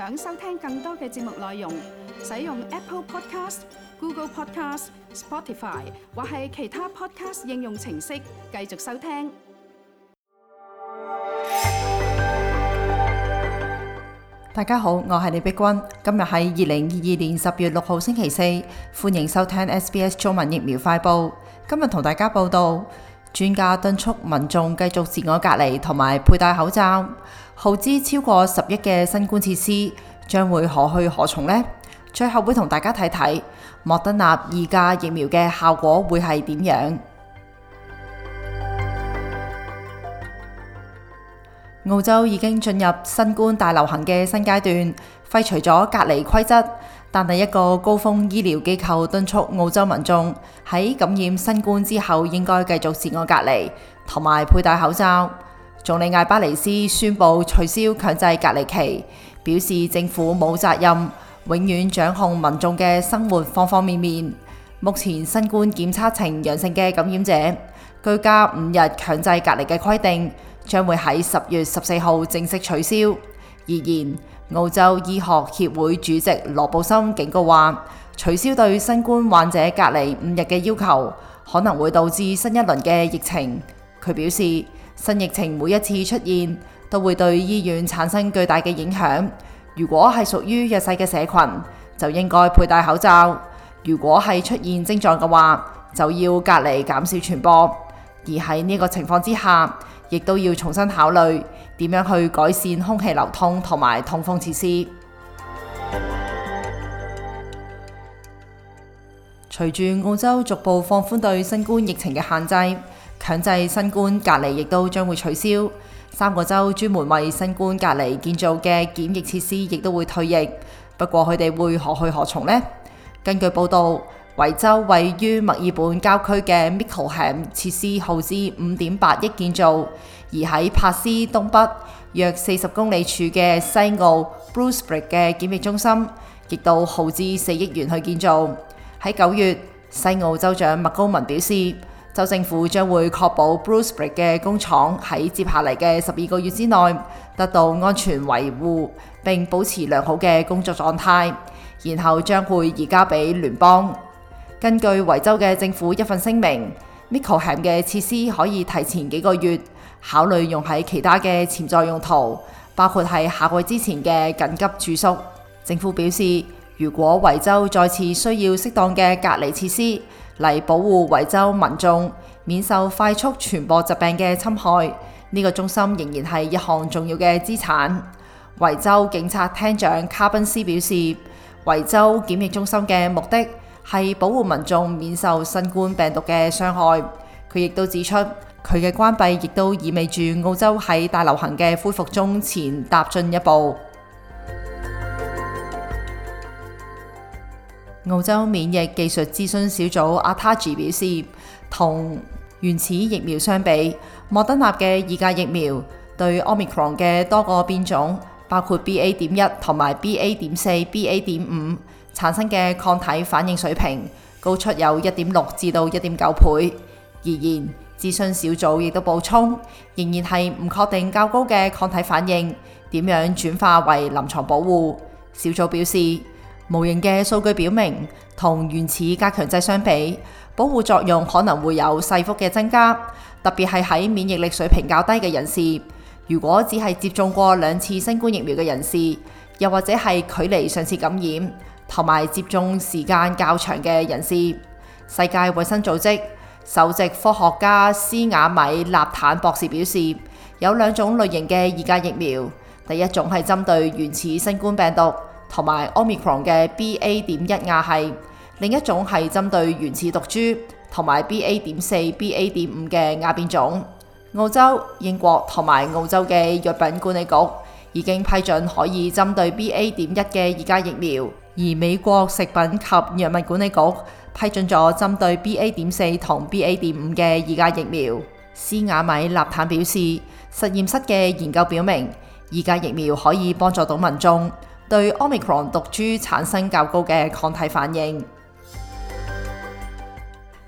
想收聽更多嘅節目內容，使用 Apple Podcast, Google Podcast, Spotify, 或係其他 Podcast 應用程式繼續收聽。大家好，我係李碧君，今日係二零二二年十月六號星期四，歡迎收聽 SBS 中文疫苗快報。今日同大家報道，專家敦促民眾繼續自我隔離同埋佩戴口罩。耗資超過十億嘅新冠設施將會何去何從呢？最後會同大家睇睇莫德納二價疫苗嘅效果會係點樣？ 澳洲已經進入新冠大流行嘅新階段，廢除咗隔離規則，但係一個高峰醫療機構敦促澳洲民眾喺感染新冠之後應該繼續自我隔離同埋佩戴口罩。總理艾巴尼斯宣布取消強制隔離期，表示政府冇責任永遠掌控民眾嘅生活方方面面。目前新冠檢測呈陽性嘅感染者，居家五日強制隔離嘅規定將會喺十月十四號正式取消。然而，澳洲醫學協會主席羅布森警告話，取消對新冠患者隔離五日嘅要求，可能會導致新一輪嘅疫情。佢表示。新疫情每一次出現，都會對醫院產生巨大嘅影響。如果係屬於弱勢嘅社群，就應該佩戴口罩；如果係出現症狀嘅話，就要隔離減少傳播。而喺呢個情況之下，亦都要重新考慮點樣去改善空氣流通同埋通風設施。隨住澳洲逐步放寬對新冠疫情嘅限制，強制新冠隔離亦都將會取消，三個州專門為新冠隔離建造嘅檢疫設施亦都會退役。不過佢哋會何去何從呢？根據報導，維州位於墨爾本郊區嘅 Mickleham 設施耗資五點八億建造，而喺帕斯東北約四十公里處嘅西澳 Brucefield 嘅檢疫中心，亦都耗資四億元去建造。喺九月，西澳州長麥高文表示。州政府將會確保 Bruce Brick 嘅工廠喺接下嚟嘅十二個月之內得到安全維護，並保持良好嘅工作狀態，然後將會移交俾聯邦。根據維州嘅政府一份聲明 ，Mickleham 嘅設施可以提前幾個月考慮用喺其他嘅潛在用途，包括係下個月之前嘅緊急住宿。政府表示，如果維州再次需要適當嘅隔離設施，嚟保護維州民眾免受快速傳播疾病嘅侵害，呢個中心仍然係一項重要嘅資產。維州警察廳長卡賓斯表示，維州檢疫中心嘅目的係保護民眾免受新冠病毒嘅傷害。佢亦都指出，佢嘅關閉亦都意味住澳洲喺大流行嘅恢復中前踏進一步。澳洲免疫技術諮詢小組阿塔吉表示，同原始疫苗相比，莫德納嘅二價疫苗對 omicron 嘅多個變種，包括 B A. 點一，同埋 B A. 點四、B A. 點五產生嘅抗體反應水平高出有1.6至到1.9倍。然而，諮詢小組亦都補充，仍然係唔確定較高嘅抗體反應點樣轉化為臨床保護，小組表示。模型嘅數據表明，同原始加強劑相比，保護作用可能會有細幅嘅增加，特別係喺免疫力水平較低嘅人士。如果只係接種過兩次新冠疫苗嘅人士，又或者係距離上次感染同埋接種時間較長嘅人士。世界衛生組織首席科學家斯亞米納坦博士表示，有兩種類型嘅二價疫苗，第一種係針對原始新冠病毒。同埋 Omicron 嘅 B A. 點一亞系，另一種係針對原始毒株 BA.4，同埋 B A. 點四、B A. 點五嘅亞變種。澳洲、英國同埋澳洲嘅藥品管理局已經批准可以針對 B A. 點一嘅二價疫苗，而美國食品及藥物管理局批准咗針對 B A. 點四同 B A. 點五嘅二價疫苗。斯亞米納坦表示，實驗室嘅研究表明，二價疫苗可以幫助到民眾。對 Omicron 毒株產生較高嘅抗體反應。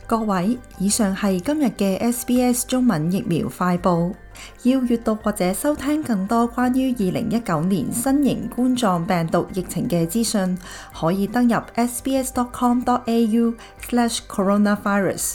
各位，以上係今日嘅 SBS 中文疫苗快報。要閱讀或者收聽更多關於二零一九年新型冠狀病毒疫情嘅資訊，可以登入 sbs.com.au/coronavirus。